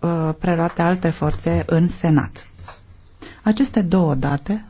Uh, preluate alte forțe în Senat. Aceste două date